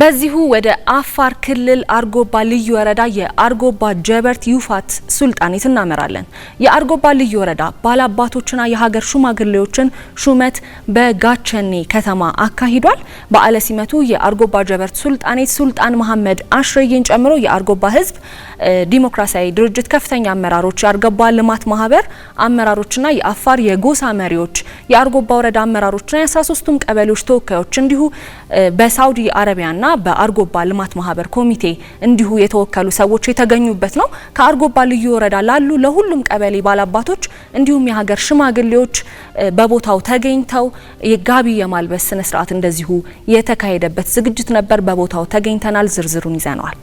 በዚሁ ወደ አፋር ክልል አርጎባ ልዩ ወረዳ የአርጎባ ጀበርት ዩፋት ሱልጣኔት እናመራለን። የአርጎባ ልዩ ወረዳ ባላባቶችና የሀገር ሽማግሌዎችን ሹመት በጋቸኔ ከተማ አካሂዷል። በዓለ ሲመቱ የአርጎባ ጀበርት ሱልጣኔት ሱልጣን መሐመድ አሽሬይን ጨምሮ የአርጎባ ሕዝብ ዲሞክራሲያዊ ድርጅት ከፍተኛ አመራሮች፣ የአርጎባ ልማት ማህበር አመራሮችና የአፋር የጎሳ መሪዎች፣ የአርጎባ ወረዳ አመራሮችና የ13ቱም ቀበሌዎች ተወካዮች እንዲሁ በሳውዲ አረቢያ ና በአርጎባ ልማት ማህበር ኮሚቴ እንዲሁ የተወከሉ ሰዎች የተገኙበት ነው። ከአርጎባ ልዩ ወረዳ ላሉ ለሁሉም ቀበሌ ባላባቶች እንዲሁም የሀገር ሽማግሌዎች በቦታው ተገኝተው የጋቢ የማልበስ ስነስርዓት እንደዚሁ የተካሄደበት ዝግጅት ነበር። በቦታው ተገኝተናል። ዝርዝሩን ይዘነዋል።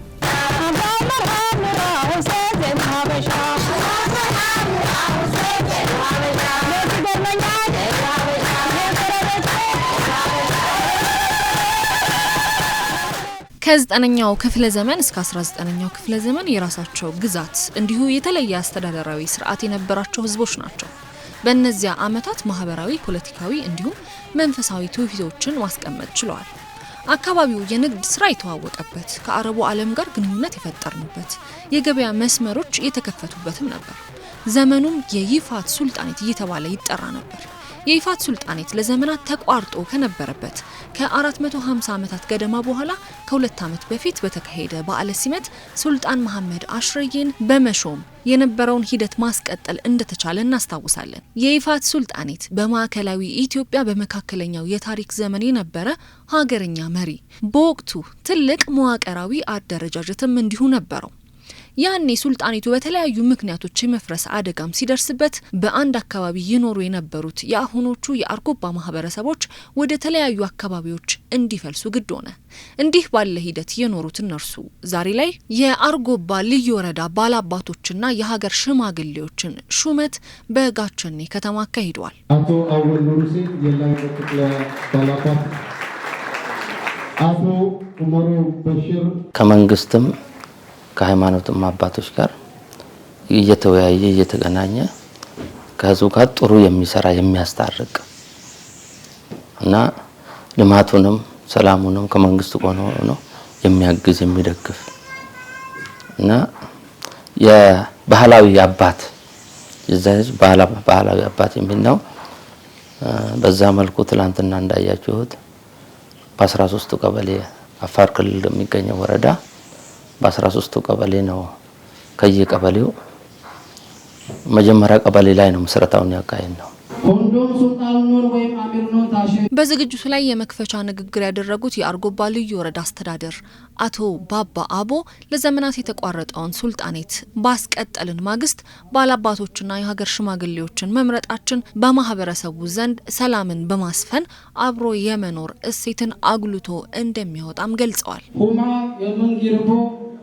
ከ9ኛው ክፍለ ዘመን እስከ 19ኛው ክፍለ ዘመን የራሳቸው ግዛት እንዲሁ የተለየ አስተዳደራዊ ስርዓት የነበራቸው ህዝቦች ናቸው። በእነዚያ ዓመታት ማህበራዊ፣ ፖለቲካዊ እንዲሁም መንፈሳዊ ትውፊቶችን ማስቀመጥ ችለዋል። አካባቢው የንግድ ስራ የተዋወቀበት፣ ከአረቡ ዓለም ጋር ግንኙነት የፈጠርንበት፣ የገበያ መስመሮች የተከፈቱበትም ነበር። ዘመኑም የይፋት ሱልጣኔት እየተባለ ይጠራ ነበር። የይፋት ሱልጣኔት ለዘመናት ተቋርጦ ከነበረበት ከ450 ዓመታት ገደማ በኋላ ከሁለት ዓመት በፊት በተካሄደ በዓለ ሲመት ሱልጣን መሐመድ አሽረይን በመሾም የነበረውን ሂደት ማስቀጠል እንደተቻለ እናስታውሳለን። የይፋት ሱልጣኔት በማዕከላዊ ኢትዮጵያ በመካከለኛው የታሪክ ዘመን የነበረ ሀገርኛ መሪ፣ በወቅቱ ትልቅ መዋቅራዊ አደረጃጀትም እንዲሁ ነበረው። ያኔ ሱልጣኔቱ በተለያዩ ምክንያቶች የመፍረስ አደጋም ሲደርስበት በአንድ አካባቢ ይኖሩ የነበሩት የአሁኖቹ የአርጎባ ማህበረሰቦች ወደ ተለያዩ አካባቢዎች እንዲፈልሱ ግድ ሆነ። እንዲህ ባለ ሂደት የኖሩት እነርሱ ዛሬ ላይ የአርጎባ ልዩ ወረዳ ባላባቶችና የሀገር ሽማግሌዎችን ሹመት በጋቸኔ ከተማ አካሂደዋል። አቶ አወል ኑርሴ ክፍለ ባላባት አቶ ኡመሩ በሽር ከመንግስትም ከሃይማኖትም አባቶች ጋር እየተወያየ እየተገናኘ ከህዝቡ ጋር ጥሩ የሚሰራ የሚያስታርቅ እና ልማቱንም ሰላሙንም ከመንግስት ጎን ሆኖ የሚያግዝ የሚደግፍ እና የባህላዊ አባት የዛ ህዝብ ባህላዊ አባት የሚል ነው። በዛ መልኩ ትላንትና እንዳያችሁት በአስራ ሶስቱ ቀበሌ አፋር ክልል የሚገኘው ወረዳ በአስራ ሶስቱ ቀበሌ ነው። ከየቀበሌው መጀመሪያ ቀበሌ ላይ ነው ምስረታውን ያካሄድ ነው። በዝግጅቱ ላይ የመክፈቻ ንግግር ያደረጉት የአርጎባ ልዩ ወረዳ አስተዳደር አቶ ባባ አቦ ለዘመናት የተቋረጠውን ሱልጣኔት ባስቀጠልን ማግስት ባላባቶችና የሀገር ሽማግሌዎችን መምረጣችን በማህበረሰቡ ዘንድ ሰላምን በማስፈን አብሮ የመኖር እሴትን አጉልቶ እንደሚያወጣም ገልጸዋል።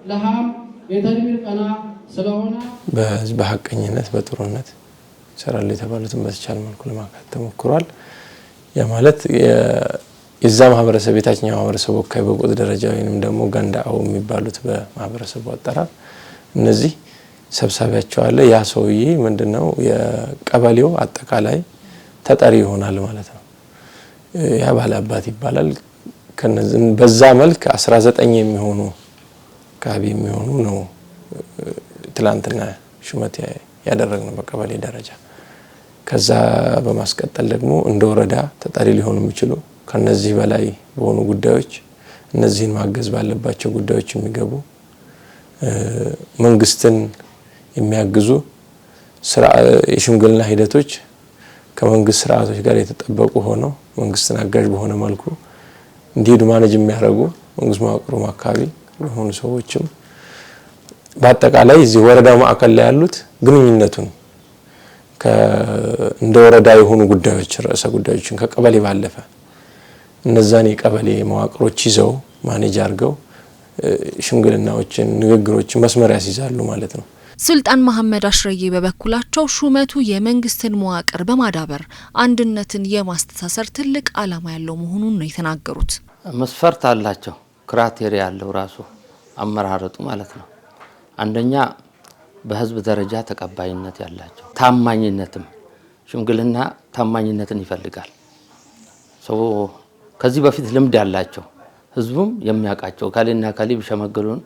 ለሃም የተድቢር ቀና ስለሆነ በህዝብ ሀቀኝነት በጥሩነት ይሰራሉ የተባሉትን በተቻለ መልኩ ለማካት ተሞክሯል። ያ ማለት የዛ ማህበረሰብ የታችኛው ማህበረሰብ ወካይ በቁጥ ደረጃ ወይም ደግሞ አው የሚባሉት በማህበረሰቡ አጠራር እነዚህ ሰብሳቢያቸው አለ። ያ ሰውዬ ምንድነው የቀበሌው አጠቃላይ ተጠሪ ይሆናል ማለት ነው። ያ አባት ይባላል። በዛ መልክ 19 የሚሆኑ አካባቢ የሚሆኑ ነው። ትላንትና ሹመት ያደረግነው በቀበሌ ደረጃ። ከዛ በማስቀጠል ደግሞ እንደ ወረዳ ተጠሪ ሊሆኑ የሚችሉ ከነዚህ በላይ በሆኑ ጉዳዮች እነዚህን ማገዝ ባለባቸው ጉዳዮች የሚገቡ መንግስትን የሚያግዙ የሽምግልና ሂደቶች ከመንግስት ስርዓቶች ጋር የተጠበቁ ሆነው መንግስትን አጋዥ በሆነ መልኩ እንዲሄዱ ማነጅ የሚያደርጉ መንግስት መዋቅሩም አካባቢ የሆኑ ሰዎችም በአጠቃላይ እዚህ ወረዳው ማዕከል ላይ ያሉት ግንኙነቱን እንደ ወረዳ የሆኑ ጉዳዮች ርዕሰ ጉዳዮችን ከቀበሌ ባለፈ እነዛን የቀበሌ መዋቅሮች ይዘው ማኔጅ አድርገው ሽምግልናዎችን፣ ንግግሮችን መስመር ያስይዛሉ ማለት ነው። ሱልጣን መሐመድ አሽረዬ በበኩላቸው ሹመቱ የመንግስትን መዋቅር በማዳበር አንድነትን የማስተሳሰር ትልቅ ዓላማ ያለው መሆኑን ነው የተናገሩት። መስፈርት አላቸው ክራቴሪያ ያለው ራሱ አመራረጡ ማለት ነው። አንደኛ በህዝብ ደረጃ ተቀባይነት ያላቸው ታማኝነትም፣ ሽምግልና ታማኝነትን ይፈልጋል። ሰው ከዚህ በፊት ልምድ ያላቸው ህዝቡም የሚያውቃቸው ካሌና ካሌ ቢሸመገሉን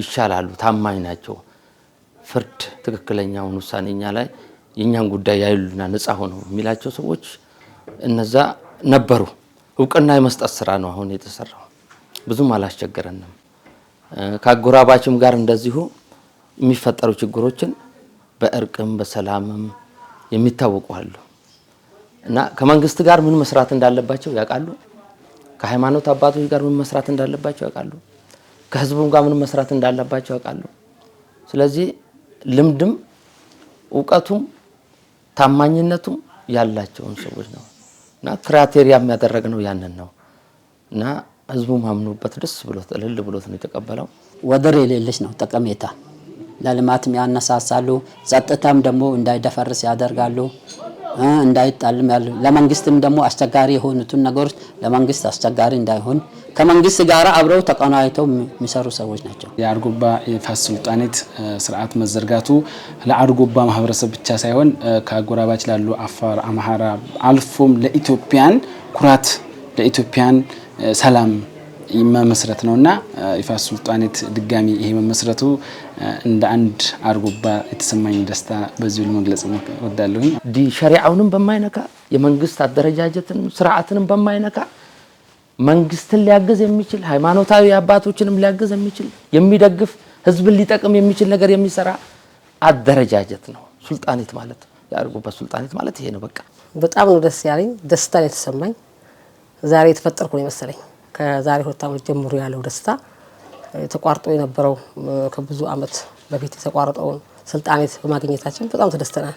ይሻላሉ፣ ታማኝ ናቸው። ፍርድ ትክክለኛውን ውሳኔ እኛ ላይ የእኛን ጉዳይ ያይሉና ነጻ ሆነው የሚላቸው ሰዎች እነዛ ነበሩ። እውቅና የመስጠት ስራ ነው አሁን የተሰራው። ብዙም አላስቸገረንም። ከአጎራባችም ጋር እንደዚሁ የሚፈጠሩ ችግሮችን በእርቅም በሰላምም የሚታወቁ አሉ እና ከመንግስት ጋር ምን መስራት እንዳለባቸው ያውቃሉ። ከሃይማኖት አባቶች ጋር ምን መስራት እንዳለባቸው ያውቃሉ። ከህዝቡም ጋር ምን መስራት እንዳለባቸው ያውቃሉ። ስለዚህ ልምድም እውቀቱም ታማኝነቱም ያላቸውን ሰዎች ነው እና የሚያደረግ ያደረግነው ያንን ነው እና ህዝቡም አምኖበት ደስ ብሎት እልል ብሎት ነው የተቀበለው። ወደር የሌለች ነው ጠቀሜታ። ለልማትም ያነሳሳሉ፣ ጸጥታም ደግሞ እንዳይደፈርስ ያደርጋሉ፣ እንዳይጣልም ያሉ ለመንግስትም ደግሞ አስቸጋሪ የሆኑትን ነገሮች ለመንግስት አስቸጋሪ እንዳይሆን ከመንግስት ጋር አብረው ተቀናይተው የሚሰሩ ሰዎች ናቸው። የአርጎባ የፋስ ስልጣኔት ስርዓት መዘርጋቱ ለአርጎባ ማህበረሰብ ብቻ ሳይሆን ከአጎራባች ላሉ አፋር፣ አምሃራ አልፎም ለኢትዮጵያን ኩራት ለኢትዮጵያን ሰላም መመስረት ነው እና ይፋት ሱልጣኔት ድጋሚ ይሄ መመስረቱ እንደ አንድ አርጎባ የተሰማኝ ደስታ በዚሁ ለመግለጽ ወዳለሁኝ። ሸሪዓውንም በማይነካ የመንግስት አደረጃጀትንም ስርዓትንም በማይነካ መንግስትን ሊያግዝ የሚችል ሃይማኖታዊ አባቶችንም ሊያግዝ የሚችል የሚደግፍ ህዝብን ሊጠቅም የሚችል ነገር የሚሰራ አደረጃጀት ነው ሱልጣኔት ማለት። የአርጎባ ሱልጣኔት ማለት ይሄ ነው። በቃ በጣም ነው ደስ ያለኝ ደስታ የተሰማኝ ዛሬ የተፈጠርኩ ነው የመሰለኝ። ከዛሬ ሁለት ዓመት ጀምሮ ያለው ደስታ ተቋርጦ የነበረው ከብዙ ዓመት በፊት የተቋረጠውን ስልጣኔት በማግኘታችን በጣም ተደስተናል።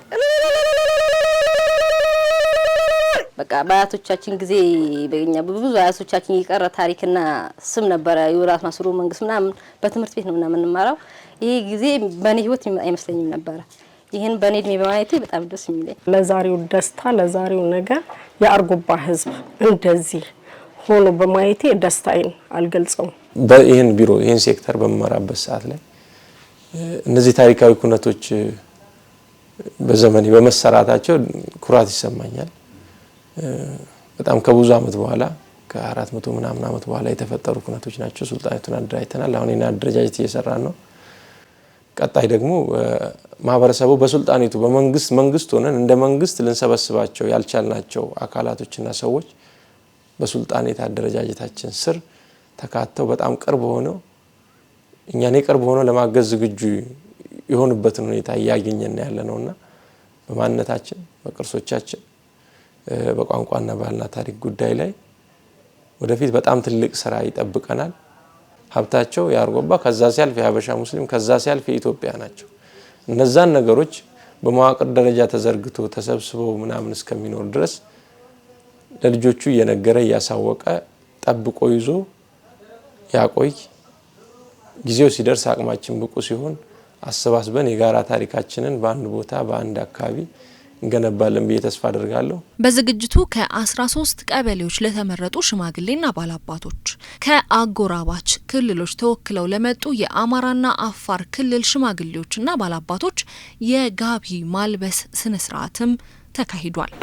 በቃ በአያቶቻችን ጊዜ በኛ ብዙ አያቶቻችን የቀረ ታሪክና ስም ነበረ። የወራት ማስሮ መንግስት ምናምን በትምህርት ቤት ነው ምናምን የምንማረው። ይሄ ጊዜ በእኔ ህይወት አይመስለኝም ነበረ። ይህን በእኔ እድሜ በማየቴ በጣም ደስ የሚለኝ ለዛሬው ደስታ ለዛሬው ነገር የአርጎባ ህዝብ እንደዚህ ሆኖ በማየቴ ደስታዬን አልገልጸውም። ይህን ቢሮ ይህን ሴክተር በመመራበት ሰዓት ላይ እነዚህ ታሪካዊ ኩነቶች በዘመኔ በመሰራታቸው ኩራት ይሰማኛል። በጣም ከብዙ አመት በኋላ ከአራት መቶ ምናምን ዓመት በኋላ የተፈጠሩ ኩነቶች ናቸው። ሱልጣኔቱን አደራጅተናል። አሁን አደረጃጀት እየሰራን ነው። ቀጣይ ደግሞ ማህበረሰቡ በሱልጣኒቱ በመንግስት መንግስት ሆነን እንደ መንግስት ልንሰበስባቸው ያልቻልናቸው አካላቶችና ሰዎች በሱልጣኔት አደረጃጀታችን ስር ተካተው በጣም ቅርብ ሆነው እኛኔ ቅርብ ሆነው ለማገዝ ዝግጁ የሆኑበትን ሁኔታ እያገኘን ያለ ነውና በማንነታችን፣ በቅርሶቻችን፣ በቋንቋና ባህልና ታሪክ ጉዳይ ላይ ወደፊት በጣም ትልቅ ስራ ይጠብቀናል። ሀብታቸው የአርጎባ ከዛ ሲያልፍ የሀበሻ ሙስሊም ከዛ ሲያልፍ የኢትዮጵያ ናቸው። እነዛን ነገሮች በመዋቅር ደረጃ ተዘርግቶ ተሰብስበው ምናምን እስከሚኖር ድረስ ለልጆቹ እየነገረ እያሳወቀ ጠብቆ ይዞ ያቆይ። ጊዜው ሲደርስ አቅማችን ብቁ ሲሆን አሰባስበን የጋራ ታሪካችንን በአንድ ቦታ በአንድ አካባቢ እንገነባለን ብዬ ተስፋ አድርጋለሁ። በዝግጅቱ ከ13 ቀበሌዎች ለተመረጡ ሽማግሌና ባላባቶች ከአጎራባች ክልሎች ተወክለው ለመጡ የአማራና አፋር ክልል ሽማግሌዎችና ባላባቶች የጋቢ ማልበስ ስነስርዓትም ተካሂዷል።